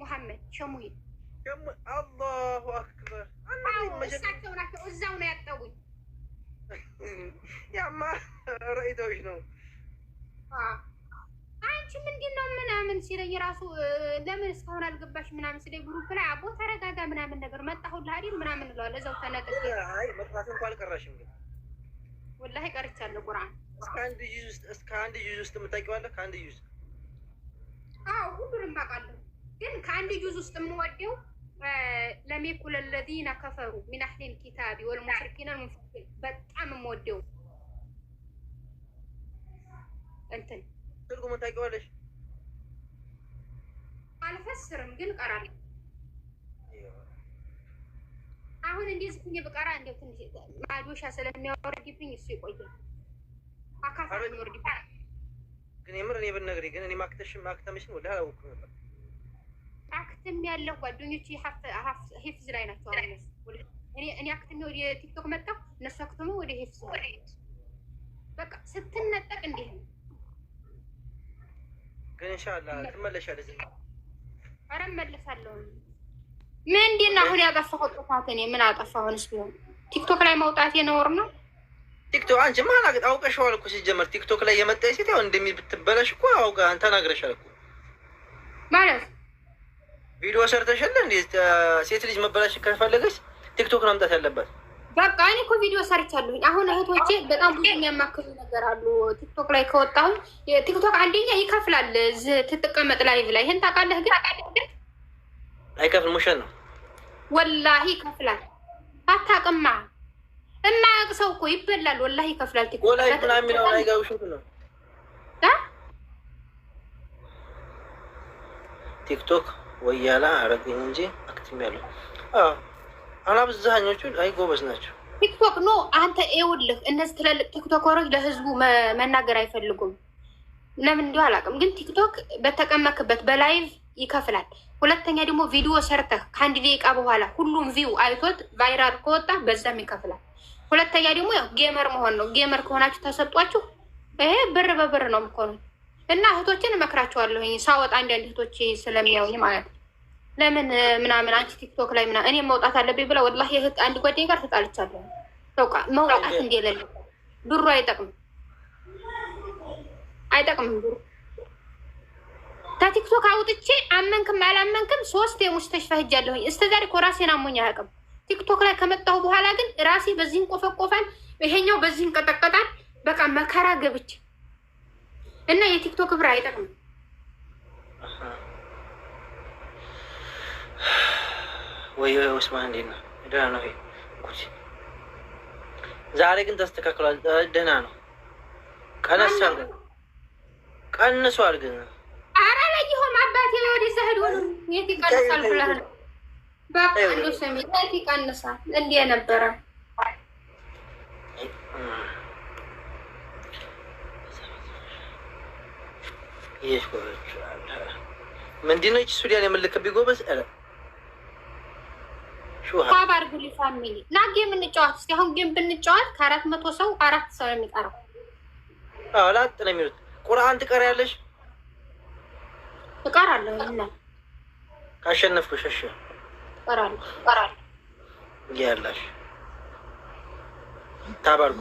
ሙሐመድ ሸሙዬ አላሁ አክበር እሳቸው ናቸው። እዛው ነው ያጠቡኝ። ያማ ረኢተዎች ነው። አንቺ ምንድን ነው ምናምን ሲለኝ ራሱ ለምን እስካሁን አልገባሽ ምናምን ሲለኝ ግሩፕ ላይ አቦ ተረጋጋ ምናምን ነገር መጣሁልህ አይደል ምናምን እለዋለሁ። እዛው ተነጥቄ መጥፋት እንኳ አልቀራሽም። ግን ወላሂ ቀርቻለሁ። ቁርአን እስከ አንድ ጁዝ ውስጥ የምታውቂዋለህ? ከአንድ ጁዝ አዎ፣ ሁሉንም አውቃለሁ። ግን ከአንድ ጁዝ ውስጥ የምንወደው ለሚኩል ለዚነ ከፈሩ ሚን አህሊል ኪታቢ ወልሙሽሪኪነ ልሙንፊቂን በጣም የምወደው እንትን ትርጉሙን ታውቂዋለሽ? አልፈስርም ግን እቀራለሁ። አሁን እንዴት ዝኩኝ ብቀራ እንደው ትንሽ ማዶሻ ስለሚያወርድብኝ እሱ ይቆያል። አካፋ የሚወርድብኝ ግን የምር እኔ ብነግርሽ ግን እኔ ማክተሽ ማክተምሽን ወላሂ አላወኩም ነበር አክትም ያለው ጓደኞች ሂፍዝ ላይ ናቸው። እኔ አክትም ወደ ቲክቶክ መጣሁ፣ እነሱ አክትሞ ወደ ሂፍዝ በቃ ስትነጠቅ እንዲህ ነው። ግን ኢንሻላህ ትመለሻለሽ። ኧረ እመለሳለሁ። ምንድን ነው አሁን ያጠፋሁት ጥፋት? እኔ ምን አጠፋሁንስ? ቢሆን ቲክቶክ ላይ መውጣት የነወር ነው። ቲክቶክ አንቺ ማን አውቀሽዋል እኮ ሲጀመር ቲክቶክ ላይ የመጣ ሴት ያው ብትበላሽ እኮ አውቀ ተናግረሻል እኮ ማለት ቪዲዮ ሰርተሻል እንዴ? ሴት ልጅ መበላሽ ከፈለገች ቲክቶክ መምጣት ያለባት። በቃ እኔ እኮ ቪዲዮ ሰርቻለሁኝ። አሁን እህቶቼ በጣም ብዙ የሚያማክሉ ነገር አሉ። ቲክቶክ ላይ ከወጣሁ ቲክቶክ አንደኛ ይከፍላል፣ ትጥቀመጥ ላይቭ ላይ ይህን ታውቃለህ። ግን አይከፍል ሙሸን ነው ወላሂ ይከፍላል። አታውቅማ እማያውቅ ሰው እኮ ይበላል። ወላሂ ይከፍላል። ቲክቶክ ላይ ምናምን አይጋብሽት ነው ቲክቶክ ወያላ አረገኝ እንጂ አክቲም ያለው አሁን አብዛኞቹ አይ ጎበዝ ናቸው። ቲክቶክ ኖ አንተ ይኸውልህ፣ እነዚህ ትላልቅ ቲክቶከሮች ለህዝቡ መናገር አይፈልጉም። ለምን እንዲሁ አላውቅም፣ ግን ቲክቶክ በተቀመክበት በላይቭ ይከፍላል። ሁለተኛ ደግሞ ቪዲዮ ሰርተህ ከአንድ ደቂቃ በኋላ ሁሉም ቪው አይቶት ቫይራል ከወጣ በዛም ይከፍላል። ሁለተኛ ደግሞ ያው ጌመር መሆን ነው። ጌመር ከሆናችሁ ተሰጧችሁ፣ ይሄ ብር በብር ነው የምትሆኑት። እና እህቶችን እመክራቸዋለሁ ሳወጣ አንዳንድ እህቶች ስለሚያውኝ ማለት ነው። ለምን ምናምን አንቺ ቲክቶክ ላይ ምና እኔም መውጣት አለብኝ ብላ ወላ አንድ ጓደኝ ጋር ተጣልቻለሁ። በቃ መውጣት እንደሌለ ብሩ አይጠቅም አይጠቅምም ብሩ ከቲክቶክ አውጥቼ አመንክም አላመንክም ሶስት የሙስተሽፋ ሄጃለሁኝ። እስከ ዛሬ እኮ ራሴን አሞኝ አያውቅም። ቲክቶክ ላይ ከመጣሁ በኋላ ግን ራሴ በዚህን ቆፈቆፋን፣ ይሄኛው በዚህን ቀጠቀጣን። በቃ መከራ ገብቼ እና የቲክቶክ ብር አይጠቅም ወይ እንዴት ነው? ደህና ነው። ዛሬ ግን ተስተካክሏል። ደህና ነው። ቀነስ አድርገን ቀንሶ አድርገን ኧረ ለይሆን አባቴ ወደዛ ሄድ ሆኖ የት ይቀንሳል? ብለህ ነው ባንዱ ስሚ የት ይቀንሳል? እንዲህ ነበረ ይሽ ምንድን ነው ይች ሱዳን የምልክብኝ ጎበዝ? ኧረ ሀብ አድርጉልኝ ፋሚሊ ና ጌም እንጫወት እስኪ። አሁን ጌም ብንጫወት ከአራት መቶ ሰው አራት ሰው የሚቀረው ላጥ ነው የሚሉት። ቁርአን ትቀሪያለሽ? እቀራለሁ። ካሸነፍኩሽ እሺ እቀራለሁ። እቀራለሁ ያላሽ ታባርጉ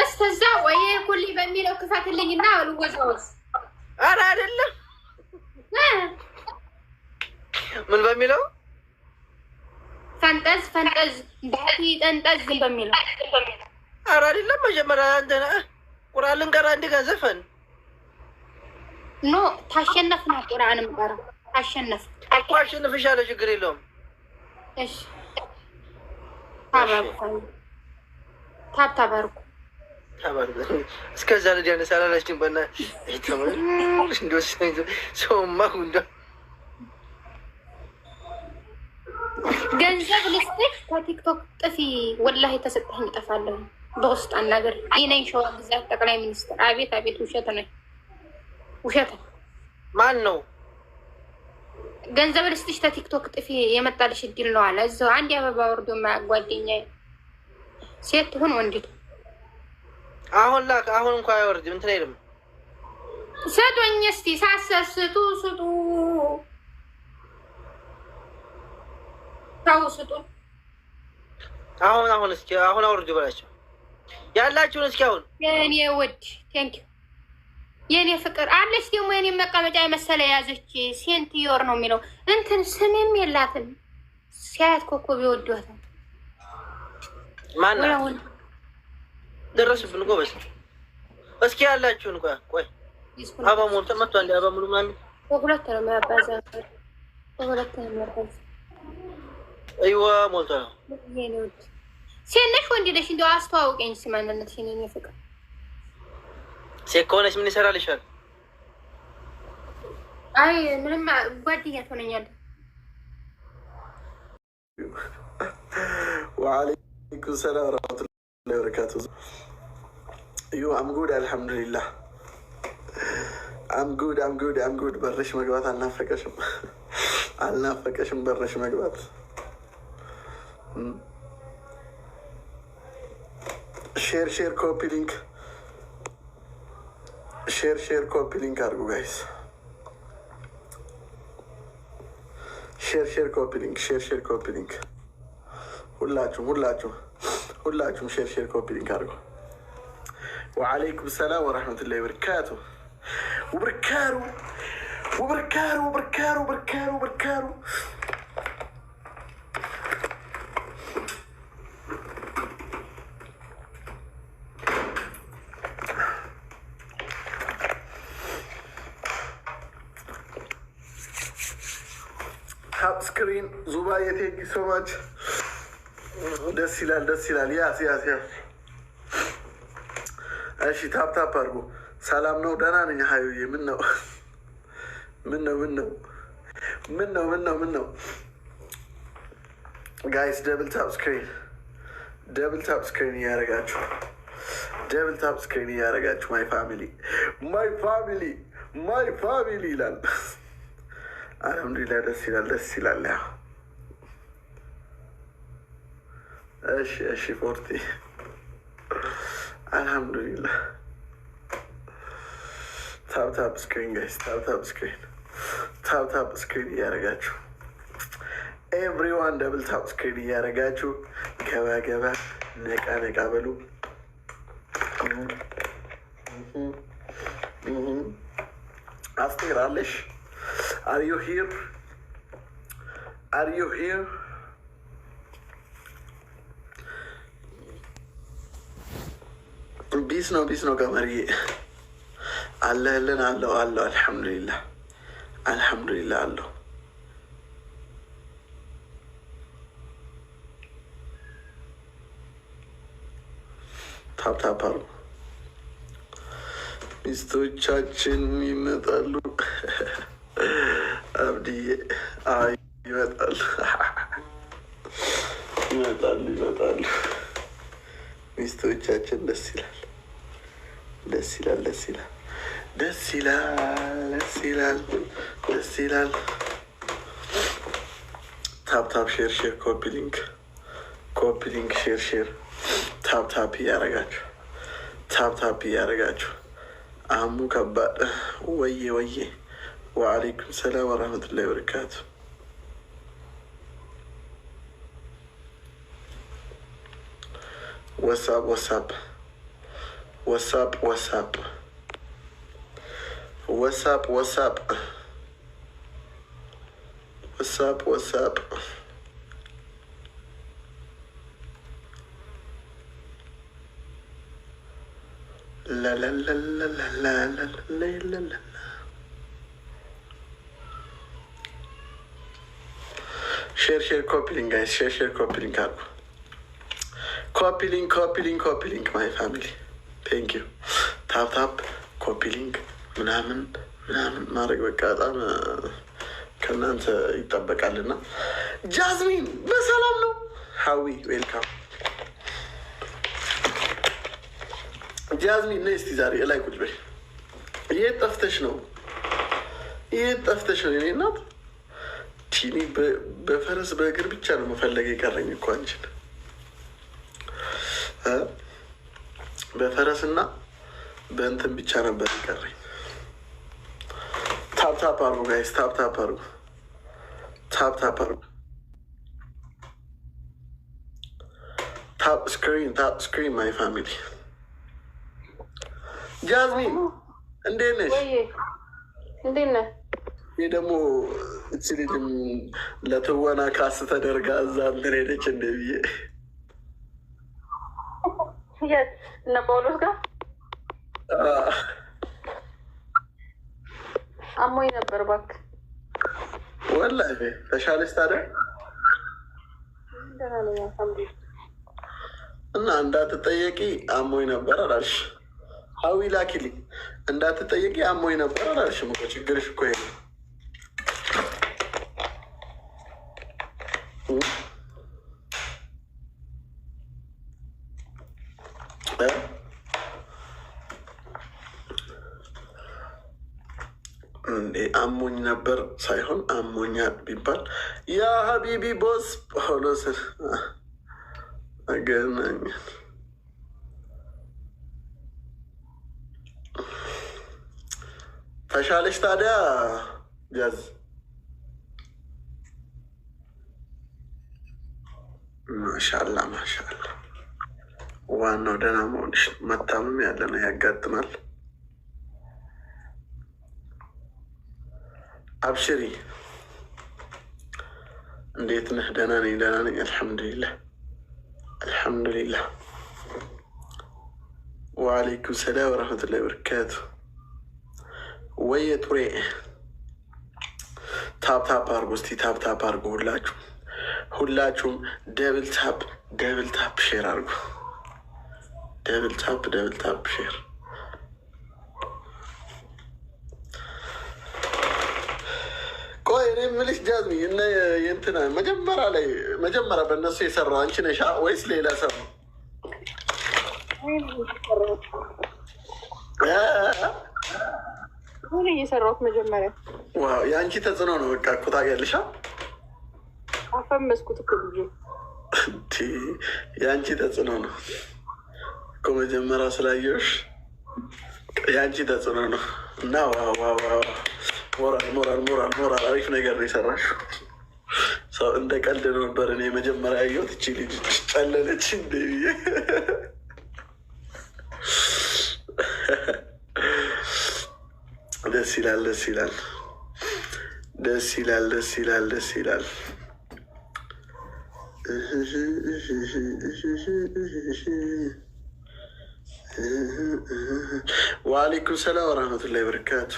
እስከዛው ወይ ኩሊ በሚለው ክፈትልኝና ልወዛወዝ። ኧረ አይደለም። ምን በሚለው ፈንጠዝ ፈንጠዝ ባቲ ጠንጠዝ በሚለው ኧረ አይደለም። መጀመሪያ አንተ ቁርአን ልንቀራ እንደ ገዘፈን ኖ ታሸነፍና ቁርአንም ቀራ ታሸነፍ እኮ አሸንፍሻለሁ። ችግር የለውም። እሺ ታባርኩ ታብ ታባርኩ እስከዛ ልጅ ያነሳ አላላችን በና ሰውማ እንደ ገንዘብ ልስጥህ ከቲክቶክ ጥፊ ወላሂ የተሰጠህኝ እጠፋለሁ። በውስጥ አናገር የነኝ ሸዋ ግዛት ጠቅላይ ሚኒስትር አቤት አቤት ውሸት ነው ውሸት ማን ነው ገንዘብ ልስጥሽ ተቲክቶክ ጥፊ የመጣልሽ እድል ነው አለ እዛው አንድ አበባ ወርዶ ማያጓደኛ ሴት ሁን ወንድ አሁን ላክ። አሁን እንኳ አይወርድም። እንትን አይልም። ስጡኝ እስቲ ሳሰብ ስጡ፣ ስጡ፣ ሰው ስጡ። አሁን አሁን እስኪ አሁን አውርድ በላቸው ያላችሁን እስኪ አሁን የኔ ውድ ቴንክ ዩ የኔ ፍቅር አለች። ደግሞ የኔ መቀመጫ የመሰለ የያዘች ሴንት ዮር ነው የሚለው እንትን ስምም የላትም። ሲያያት ኮኮብ የወዷትም ማን ደረስብን ጎበዝ። እስኪ ያላችሁን እንኳ ቆይ አባ ሞልተ መጥቶ አንዴ አባ ሙሉ ምናምን በሁለት ነው የሚያባዛ በሁለት ነው የሚያባዛ። እይዋ ሞልተ ነው ሴት ነሽ ወንድ ነሽ? እንደው አስተዋውቀኝ እስኪ ማንነትሽን። የእኔ ሴት ከሆነች ምን ይሰራልሻል? አይ ምንም ጓደኛ ትሆነኛለህ። ወአለይኩም ሰላም ረመቱላ በረካቱ እዩ አምጉድ አልሐምዱሊላህ አምጉድ አምጉድ አምጉድ በረሽ መግባት አልናፈቀሽም አልናፈቀሽም በረሽ መግባት ሼር ሼር ኮፒ ሊንክ ሼር ሼር ኮፒ ሊንክ አድርጉ ጋይስ ሼር ሼር ኮፒ ሊንክ ሼር ሼር ኮፒ ሊንክ ሁላችሁም ሁላችሁም ሁላችሁም ሼር ሼር ኮፒ ሊንክ አድርጎ ወዓለይኩም ሰላም ወረሕመቱላሂ ወበረካቱ ወበርካሩ ወበርካሩ ወበርካሩ ወበርካሩ ወበርካሩ ሀብ ስክሪን ዙባ የቴንኪ ሶ ማች ደስ ይላል፣ ደስ ይላል። ያስ ያስ ያስ። እሺ ታፕ አድርጎ ሰላም ነው፣ ደህና ነኝ። ሀዩዬ ምን ነው ምን ነው ምን ነው ምን ነው ምን ነው ምን ነው? ጋይስ ደብል ታፕ ስክሪን ደብል ታፕ ስክሪን እያደረጋችሁ ደብል ታፕ ስክሪን እያደረጋችሁ ማይ ፋሚሊ ማይ ፋሚሊ ማይ ፋሚሊ ይላል። አልሐምዱሊላህ ደስ ይላል፣ ደስ ይላል ያው እሺ እሺ፣ ፎርቲ አልሐምዱሊላህ። ታብታብ ስክሪን ጋይስ፣ ታብታብ ስክሪን፣ ታብታብ ስክሪን እያደረጋችሁ ኤቭሪዋን ደብል ታብ ስክሪን እያደረጋችሁ ገባ ገባ ነቃ ነቃ በሉ። አስቴር አለሽ? አር ዩ ሂር? አር ዩ ሂር? ፒስ ነው፣ ፒስ ነው። ቀመርዬ አለህልን? አለው አለው። አልሐምዱሊላ አልሐምዱሊላ አለው። ታፕታፕ አሉ። ሚስቶቻችን ይመጣሉ። አብድዬ ይመጣሉ፣ ይመጣሉ፣ ይመጣሉ። ሚስቶቻችን ደስ ይላል። ደስ ይላል፣ ደስ ይላል፣ ደስ ይላል፣ ደስ ይላል፣ ደስ ይላል። ታፕ ታፕ ሼር ሼር፣ ኮፒ ሊንክ፣ ኮፒ ሊንክ፣ ሼር ሼር፣ ታፕ ታፕ ታፕታፕ ታፕ ታፕ እያደረጋችሁ አሙ ከባድ ወዬ ወዬ። ወአሌይኩም ሰላም ወረህመቱላሂ ወበረካቱ። ወሳብ ወሳብ واتساب واتساب واتساب واتساب واتساب واتساب لا لا لا لا لا لا لا لا لا شير شير كوبي لينك جايز شير شير كوبي لينك كوبي لينك كوبي لينك كوبي لينك ماي فاميلي ቴንክ ዩ። ታፕታፕ ሊንክ ምናምን ምናምን ማድረግ በቃ በጣም ከእናንተ ይጠበቃልና። ጃዝሚን በሰላም ነው? ሀዊ ዌልካም ጃዝሚን ነይ እስቲ ዛሬ እላይ ቁጭ በይ። የት ጠፍተሽ ነው? የት ጠፍተሽ ነው? የኔ እናት ቲኒ በፈረስ በእግር ብቻ ነው መፈለግ የቀረኝ እኮ አንቺን በፈረስና በእንትን ብቻ ነበር ይቀረኝ። ታፕታፕ አርጉ ጋይስ፣ ታፕታፕ አርጉ፣ ታፕታፕ አርጉ። ታፕ ስክሪን፣ ታፕ ስክሪን። ማይ ፋሚሊ ጃዝሚን እንዴት ነሽ? እንዴት ነህ? ይህ ደግሞ እቺ ልጅም ለትወና ካስ ተደርጋ እዛ እንትን ሄደች እንደ ብዬ እነ ጳውሎስ ጋር አሞኝ ነበር። እባክህ ወላሂ ተሻለሽ? ታዲያ እና እንዳትጠየቂ አሞኝ ነበር አላልሽ? ሀዊ ላኪልኝ። እንዳትጠየቂ አሞኝ ነበር አላልሽም? ችግርሽ እኮ ይሄ ነው። እንዴ አሞኝ ነበር ሳይሆን አሞኛል ቢባል ያ ሀቢቢ ቦስ ጳውሎስን አገናኛል። ተሻለች ታዲያ ጃዝ ማሻላ ማሻላ ዋናው ደህና መሆንሽ። መታመም ያለ ነው፣ ያጋጥማል። አብሽሪ። እንዴት ነህ? ደህና ነኝ፣ ደህና ነኝ። አልሐምዱሊላህ፣ አልሐምዱሊላህ። ወአለይኩም ሰላም ወረሕመቱላሂ በረካቱ። ወየ ቱሬ ታፕ ታፕ አርጎ እስቲ ታፕ አርጎ ሁላችሁ ሁላችሁም ደብል ታፕ ደብል ታፕ ሼር አርጉ። ደብል ታፕ ደብል ታፕ ሼር ቆይ እኔ የምልሽ ጃዝሚ እነ የእንትና መጀመሪያ ላይ መጀመሪያ በእነሱ የሰራው አንቺ ነሽ ወይስ ሌላ ሰው? ሁን እየሰራሁት መጀመሪያ የአንቺ ተጽዕኖ ነው። በቃ እኮ ታውቂያለሽ፣ አፈመስኩት እኮ ልጁ የአንቺ ተጽዕኖ ነው። ከመጀመሪያ ስላየሽ የአንቺ ተጽዕኖ ነው እና ሞራል ሞራል ሞራል ሞራል አሪፍ ነገር ነው የሰራሽ። ሰው እንደ ቀልድ ነበር እኔ መጀመሪያ ያየሁት እቺ ልጅ ጨለለች እንደ ብዬ ደስ ይላል፣ ደስ ይላል፣ ደስ ይላል፣ ደስ ይላል፣ ደስ ይላል። እህ እህ እህ እህ እህ ወአሌይኩም ሰላም ወረህመቱላሂ በረካቱ።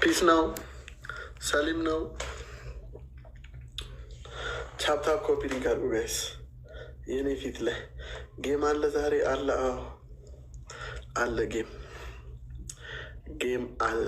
ፒስ ነው፣ ሰሊም ነው። ቻፕታፕ ኮፒ ሊንክ አድርጉ ጋይስ። የኔ ፊት ላይ ጌም አለ ዛሬ አለ። አዎ አለ፣ ጌም ጌም አለ።